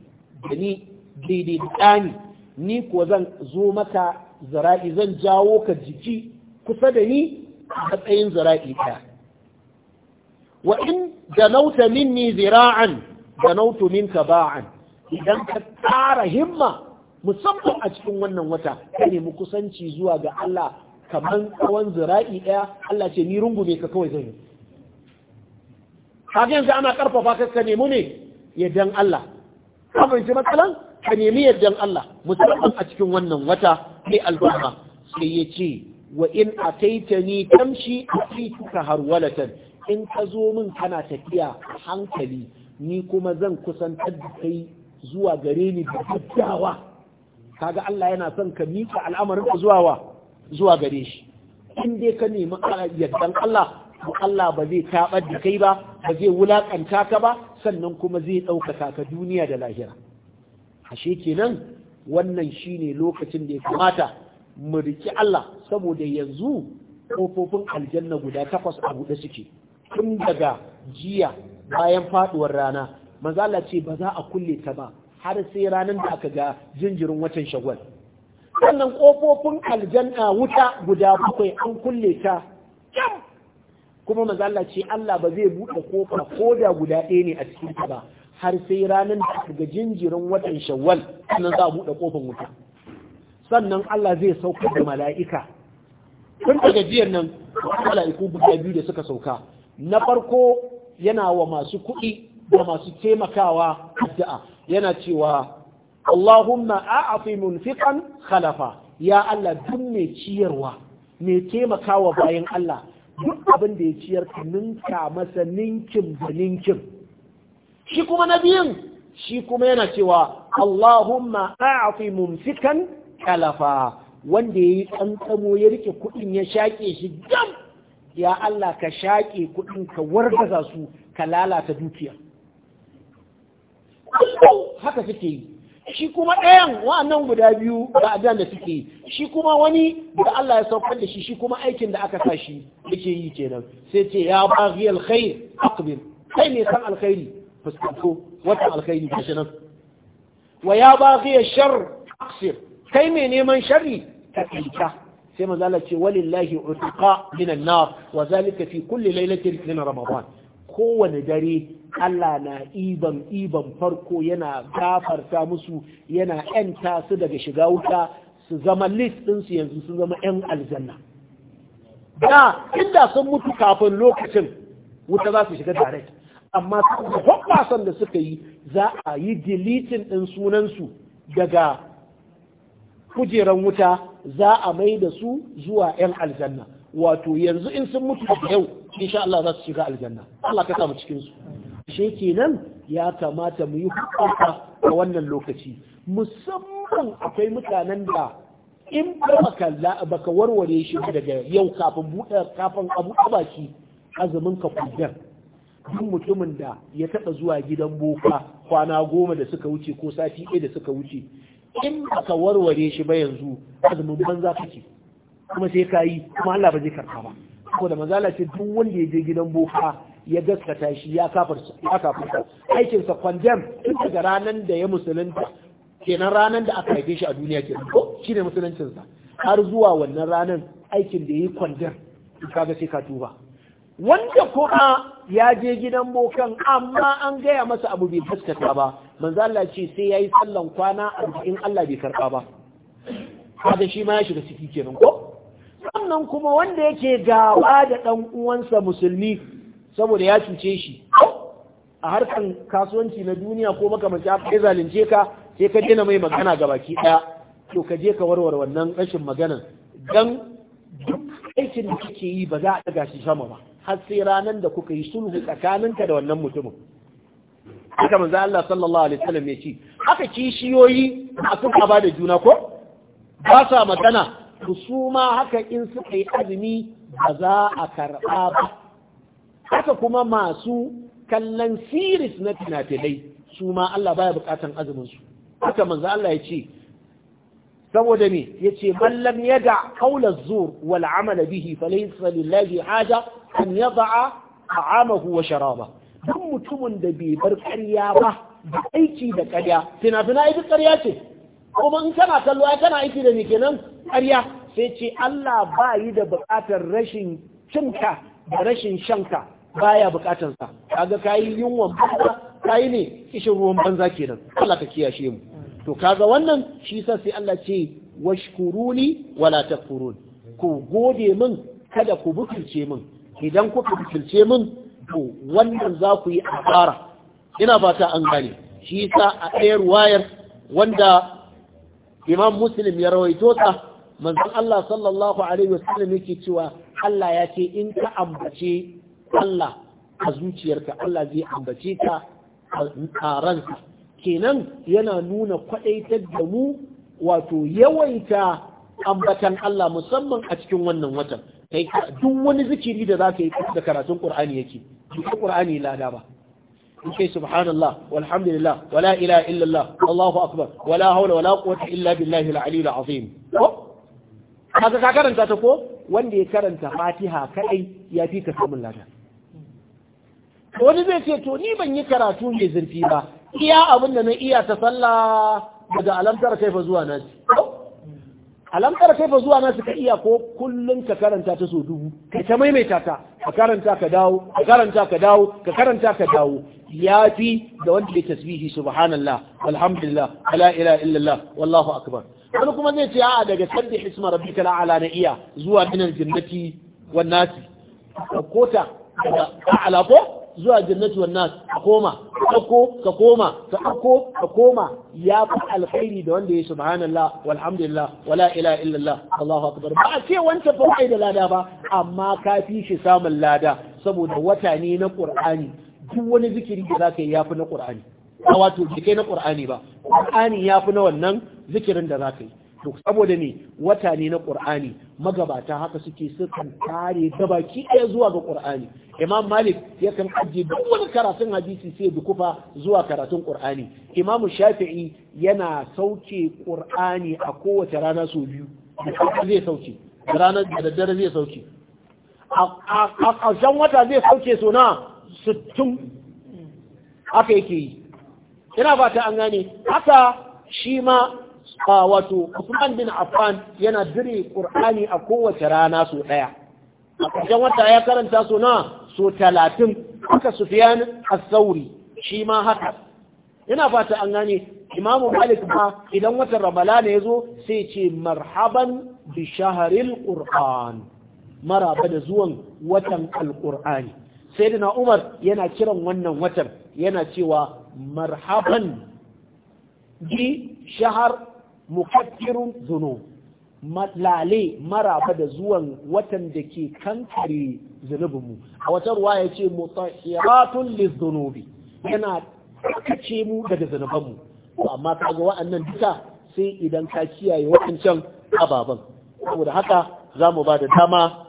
da ni daidai ni ko zan zo maka zara'i zan jawo ka jiki kusa da ni a matsayin zara'i ɗaya wa in nauta minni zira'an min ka ba'an idan ka tsara himma musamman a cikin wannan wata ka nemi kusanci zuwa ga Allah kamar tsawon zira'i ɗaya Allah ce ni rungume ka kawai zan yi kaga yanzu ana ƙarfafa ka ka nemi ne ya dan Allah amince matsalan ka nemi yardan Allah musamman a cikin wannan wata mai albarka sai ya ce wa in ni tamshi atituka harwalatan in ka zo min kana tafiya hankali ni kuma zan kusantar da kai zuwa gare ni da gaggawa kaga Allah yana son ka miƙa al'amarin ka zuwa wa zuwa gare shi in dai ka nemi yardan Allah to Allah ba zai tabar da kai ba ba zai wulaƙanta ka ba sannan kuma zai ɗaukaka ka duniya da lahira ashe kenan wannan shine lokacin da ya kamata mu riki Allah saboda yanzu kofofin aljanna guda takwas a buɗe suke tun daga jiya bayan faduwar rana manzo ce ba za a kulle ta ba har sai ranar da aka ga jinjirin watan shagwal wannan kofofin aljanna wuta guda bakwai an kulle ta kuma manzo Allah ce Allah ba zai buɗe kofa ko da guda ɗaya ne a cikin ta ba har sai ranar da ga jinjirin watan shawwal sannan za a buɗe kofin wuta sannan Allah zai sauka da mala'ika tun daga gajiyar nan mala'iku guda biyu da suka sauka na farko yana wa masu kuɗi da masu taimakawa addu'a yana cewa Allahumma a'afi munfiqan khalafa ya Allah duk mai ciyarwa mai taimakawa bayan Allah duk abin da ya ciyar ka ninka masa ninkin da ninkin shi kuma na biyun shi kuma yana cewa Allahumma a'fi mumsikan kalafa wanda yayi tsantsamo ya rike kudin ya shake shi jam ya Allah ka shaƙe kudin ka wargaza su ka lalata dukiya haka suke yi shi kuma ɗayan wa'annan guda biyu da adan da suke yi shi kuma wani da Allah ya saukar da shi shi kuma aikin da aka sa shi yake yi kenan sai ce ya baghiyal khair aqbil kai ne san alkhairi fuskantu wata alkhairi ga shi nan wa ya baghiya shar aksir kai mai neman shari ta kaita sai mazala Allah ce walillahi utqa min an-nar wa zalika fi kulli lailatin ramadan kowane dare Allah na iban iban farko yana gafarta musu yana ‘yanta su daga shiga wuta su zama list ɗinsu yanzu su zama ‘yan aljanna. Da inda sun mutu kafin lokacin wuta za su shiga direct. amma saboda da suka yi za a yi dilitin ɗin sunansu daga kujeran wuta za a mai da su zuwa 'yan aljanna wato yanzu in sun mutu da yau insha Allah za su shiga aljanna Allah ka samu cikin su kenan ya kamata mu yi hukunta a wannan lokaci musamman akwai mutanen da in ba baka warware shi daga yau kafin buɗe kafin baki azumin ka kudan duk mutumin da ya taɓa zuwa gidan boka kwana goma da suka wuce ko sati ɗaya da suka wuce in ka warware shi ba yanzu azumin banza kake kuma sai ka yi kuma Allah ba zai karɓa ba da manzala ce duk wanda ya je gidan boka ya gaskata shi ya kafarsa ya kafarsa aikin sa kwandem tun daga ranan da ya musulunta kenan ranan da aka haife shi a duniya kenan ko shine musuluncin sa har zuwa wannan ranan aikin da yayi kwandem kaga sai ka tuba wanda kuma ya je gidan bokan amma an gaya masa abu bai fuskata ba manzo Allah ce sai yayi sallan kwana cikin Allah bai karba ba kaga shi ma ya shiga ciki kenan ko sannan kuma wanda yake gawa da dan uwansa musulmi saboda ya cuce shi a harkan kasuwanci na duniya ko a ya zalunce ka sai ka dena mai magana ga baki daya to ka je ka warware wannan rashin magana dan duk aikin da kake yi ba za a daga shi sama ba har sai ranan da kuka yi sulhu tsakaninka da wannan mutumin haka manzo Allah sallallahu alaihi wasallam ya ce haka kishiyoyi masu kaba da juna ko ba sa magana kusuma haka in suka yi azumi ba za a karɓa ba haka kuma masu kallon siris na fina-finai su ma Allah baya bukatan azumin su haka manzo Allah ya ce saboda me yace ce lam ya da az-zur wal'amala amal bihi falaysa lillahi haja an a ta'amahu wa sharaba duk mutumin da bai bar karya ba da aiki da karya. fina-fina aiki karya ce kuma in kana kallo ya kana aiki da me nan karya. sai ce Allah ba yi da buƙatar rashin cinka da rashin shanka baya buƙatar sa kaga kayi yunwan banza kayi ne kishin ruwan banza kenan Allah ka kiyashe mu to kaga wannan shi sa sai Allah ce washkuruni wala takfurun ku gode min kada ku butulce min idan kuka butulce min to wannan za ku yi asara ina fata an gane shi sa a ɗayar wayar wanda imam muslim ya rawaito ta manzon Allah sallallahu alaihi wasallam yake cewa Allah ya ce in ka ambace Allah a zuciyarka Allah zai ambace ka a ranka kenan yana nuna kwaɗaitar da mu wato yawaita ambatan Allah musamman a cikin wannan watan kai duk wani zikiri da za ka yi da karatun Qur'ani yake duk Qur'ani lada ba kai subhanallah walhamdulillah wala ilaha illallah Allahu akbar wala hawla wala quwwata illa billahi al-aliyyil azim ko kaga ka karanta ta ko wanda ya karanta Fatiha kadai ya fi ka samun lada wani zai ce to ni ban yi karatu mai zurfi ba iya abin da na iya ta sallah daga alamtar kaifa zuwa nasi alamtar kaifa zuwa nasi ka iya ko kullum ka karanta ta so dubu ka ta maimaita ta ka karanta ka dawo ka karanta ka dawo ka karanta ka dawo ya fi da wanda ke tasbihi subhanallah alhamdulillah la ilaha illallah wallahu akbar wani kuma zai ce a'a daga sabbi hisma rabbika la'ala na iya zuwa minal jannati wan nasi ko ta ala a'ala ko zuwa jannati wannan ka koma ɗauko ka koma ka ɗauko ka koma ya fi alkhairi da wanda ya subhanallah walhamdulillah wala ila illallah Allahu akbar ba a ce wancan ba bai da lada ba amma ka fi shi samun lada saboda wata ne na Qur'ani duk wani zikiri da zaka yi yafi na Qur'ani a wato jike na Qur'ani ba Qur'ani yafi na wannan zikirin da zaka yi to saboda ne wata ne na ƙur'ani magabata haka suke sukan kare da baki ɗaya zuwa ga ƙur'ani imam malik yakan ajiye duk wani karatun hadisi sai kufa zuwa karatun ƙur'ani imam shafi'i yana sauke ƙur'ani a kowace rana sau biyu zai sauke ranar da daddare zai sauke a ƙarshen wata zai sauke so na sittin haka yake yi ina fata ta an gane haka shi ma Ah, wato Usman bin Affan yana dire Qur'ani a kowace rana so daya a ƙarshen wata ya karanta so na so talatin haka Sufyan as-Sauri shi ma haka ina fata an gane Imam Malik ma idan watan Ramalana ya zo sai ce marhaban bi shahril Qur'an maraba da zuwan watan Al-Qur'ani Sayyidina Umar yana kiran wannan watan yana cewa marhaban bi shahar mukaffirun zunub lale maraba da zuwan watan da ke kankare zunubinmu a wata ruwa ya ce mutahiratun lizunubi yana kace mu daga zunubanmu amma kaga wa'annan duka sai idan ka kiyaye can ababen saboda haka za mu ba da dama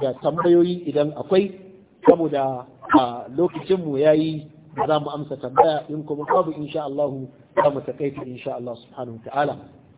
ga tambayoyi idan akwai saboda lokacinmu ya yi za mu amsa tambaya in kuma babu insha Allah za mu taƙaita insha Allah subhanahu ta'ala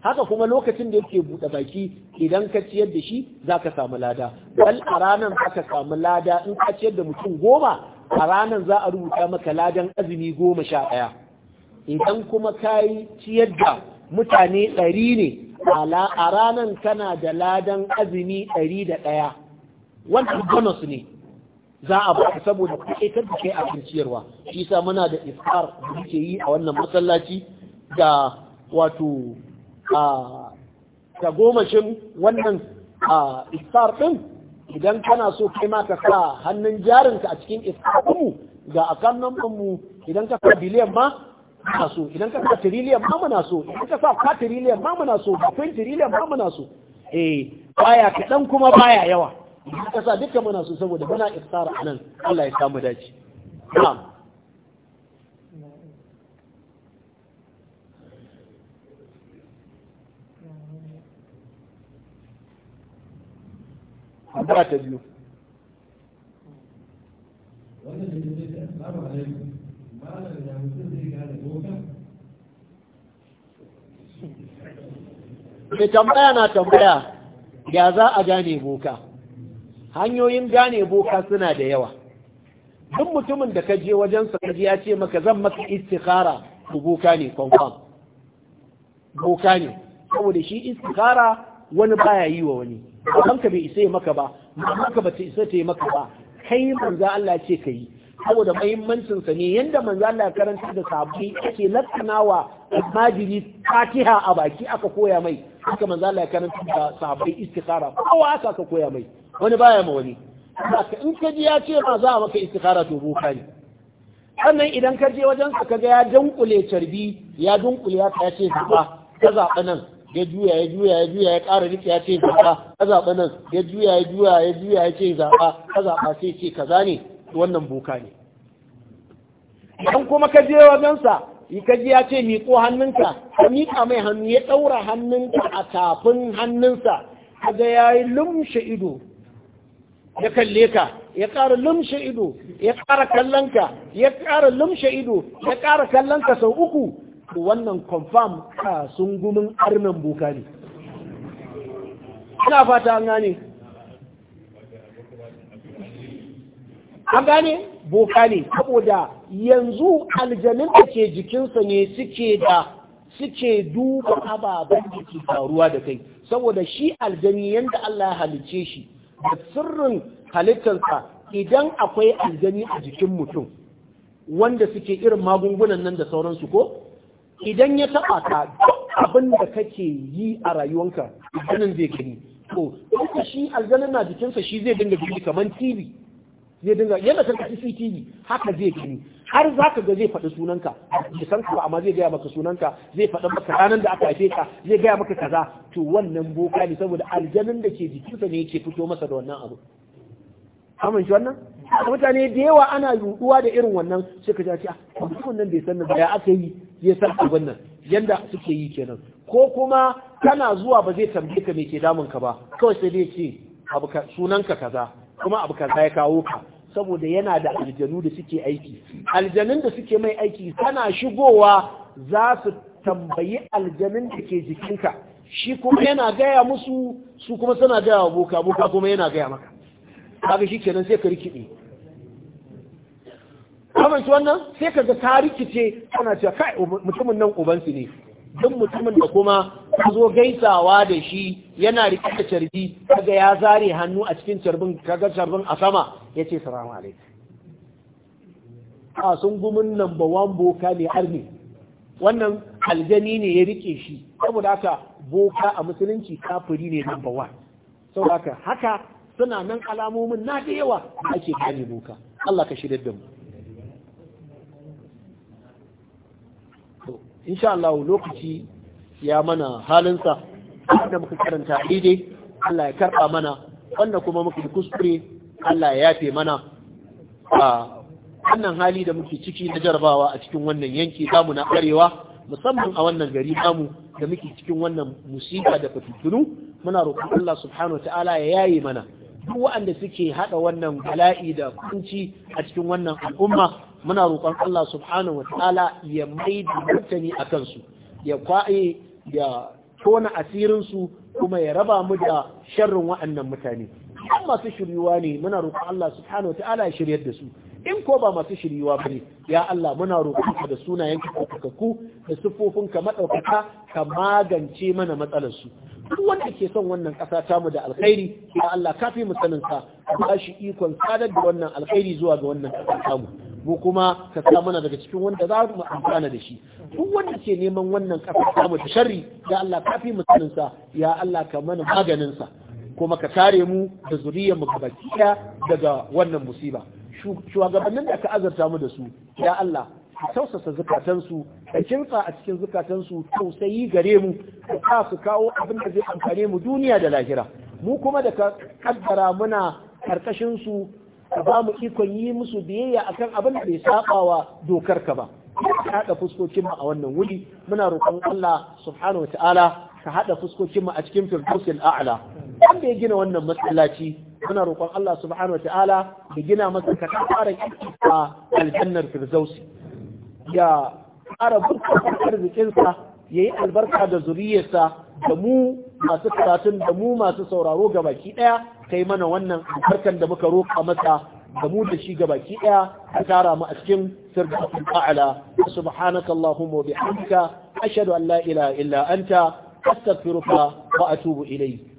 haka kuma lokacin da yake buɗe baki idan ka ciyar da shi za ka samu lada wal a ranar za ka samu lada in ka ciyar da mutum goma a ranar za a rubuta maka ladan azumi goma sha ɗaya idan kuma ka yi ciyar da mutane ɗari ne a ranar kana da ladan azumi ɗari da ɗaya Wancan bonus ne za a baka saboda kuɗaitar da kai a ciyarwa shi sa muna da iftar da muke yi a wannan masallaci da wato a tagomashin wannan a iftar ɗin idan kana so kai ma ka sa hannun jarinka a cikin iftar ɗinmu ga akan mu idan ka sa biliyan ma muna so idan ka sa tiriliyan ma muna so idan ka sa ka tiriliyan ma muna so ba kun tiriliyan ma muna so eh baya kaɗan kuma baya yawa idan ka sa duka muna so saboda muna iftar a nan Allah ya samu dace na'am ba ta biyu Mai tambaya na tambaya ya za a gane boka. Hanyoyin gane boka suna da yawa. Duk mutumin da ka je wajen sakaji ya ce maka zan maka ku boka ne kwamfam. Boka ne, saboda shi istikara wani baya yi wa wani babanka bai isa ya maka ba mamanka ba ta isa ta yi maka ba kai manza Allah ce ka yi saboda mahimmancin sa ne yanda manza Allah karanta da sabbi ake lakkanawa majiri fatiha a baki aka koya mai haka manzo Allah karanta da sabbi istikhara kowa aka aka koya mai wani baya ma wani haka in ka ji ya ce ma za a maka istikhara to boka ne sannan idan ka je wajen ka ga ya dunkule carbi ya dunkule ya ta ce ba ka zaɓa nan ya juya ya juya ya juya ya ƙara rike ya ce zaɓa ka zaɓa nan ya juya ya juya ya juya ya ce zaɓa ka zaɓa sai ce ka ne wannan boka ne dan kuma ka je wajensa ka ji ya ce miƙo hannunka ka miƙa mai hannu ya ɗaura hannunka a tafin hannunsa ga ya yi lumshe ido ya kalle ka ya ƙara lumshe ido ya ƙara kallonka ya ƙara lumshe ido ya ƙara kallonka sau uku wannan confirm ka sun gumin arnan boka ne ina fata an gane an gane boka ne saboda yanzu aljanin da ke jikinsa ne suke da suke duba ababen da ke faruwa da kai saboda shi aljani yadda Allah ya halice shi da sirrin halittarsa idan akwai aljani a jikin mutum wanda suke irin magungunan nan da sauransu ko idan ya taɓa ka duk abin da kake yi a rayuwanka aljanin zai gani to duka shi aljanin na jikinsa shi zai dinga gani kamar tv zai dinga yadda ka kaci ctv haka zai gani har za ka ga zai faɗi sunanka da san ka ba amma zai gaya maka sunanka zai faɗi maka ranar da aka haife ka zai gaya maka kaza to wannan boka ne saboda aljanin da ke jikinsa ne yake fito masa da wannan abu amince wannan mutane da yawa ana ruɗuwa da irin wannan sai ka ji a ah, mutum nan bai san ba ya aka yi ya san abin nan yanda suke yi kenan ko kuma kana zuwa ba zai tambaye ka me ke damun ka ba kawai sai dai ce abu ka sunanka kaza kuma abu kaza ya kawo ka saboda yana da aljanu da suke aiki aljanun da suke mai aiki kana shigowa za su tambayi aljanun da ke jikinka shi kuma yana gaya musu su kuma suna gaya wa boka boka kuma yana gaya maka kaga kenan sai ka rikide amince wannan sai ga ta rikice ana cewa kai mutumin nan ubansu ne duk mutumin da kuma ka zo gaisawa da shi yana rike da carbi kaga ya zare hannu a cikin carbin kaga carbin a sama yace salamu alaikum a sun gumin number one boka ne arni wannan aljani ne ya rike shi saboda haka boka a musulunci kafiri ne number one saboda haka haka suna nan alamomin na da yawa ake gane boka Allah ka shirya da mu insha Allah lokaci ya mana halinsa wanda muka karanta daidai Allah ya karba mana wanda kuma muka yi kuskure Allah ya yafe mana a wannan hali da muke ciki na jarabawa a cikin wannan yanki zamu na karewa. musamman a wannan gari namu da muke cikin wannan musika da fitinu muna roƙon Allah subhanahu ta'ala ya yaye mana duk waɗanda suke haɗa wannan bala'i da kunci a cikin wannan al'umma muna roƙon Allah subhanahu wa ta'ala ya mai da martani a kansu ya kwaye ya tona asirinsu kuma ya raba mu da sharrin wa'annan mutane idan masu shiryuwa ne muna roƙon Allah subhanahu wa ta'ala ya shiryar da su in ko ba masu shiryuwa ba ne ya Allah muna roƙonka da sunayen kakakku da siffofin ka ka magance mana matsalarsu duk wanda ke son wannan ƙasa tamu da alkhairi ya Allah kafi mu sanin sa ba shi ikon sadar da wannan alkhairi zuwa ga wannan ƙasa tamu ko kuma ka sa mana daga cikin wanda za mu amfana da shi duk wanda ke neman wannan kafa ta mu da sharri ya Allah ka fi mutunin sa ya Allah ka mana maganin sa kuma ka tare mu da zuriyar mu bakiya daga wannan musiba shugabannin da ka azarta mu da su ya Allah ka tausasa zukatansu ka kinsa a cikin su tausayi gare mu ka su kawo abin da zai amfane mu duniya da lahira mu kuma da ka kaddara muna karkashin su ka ba mu ikon yi musu biyayya akan abin da bai saɓawa dokar ka ba haɗa fuskokin mu a wannan wuri muna roƙon Allah subhanahu wataala ka haɗa fuskokin mu a cikin firdausil a'la wanda ya gina wannan masallaci muna roƙon Allah subhanahu wataala da gina masa ka fara a aljannar firdausi ya ƙara burkar arzikinsa ya yi albarka da zuriyarsa da mu masu karatun da mu masu sauraro ga baki ɗaya kai mana wannan albarkan da muka roƙa masa da mu da shi ga baki ɗaya a tara mu a cikin sirrin a'la subhanaka allahumma bihamdika ashhadu an la ilaha illa anta astaghfiruka wa atubu ilayk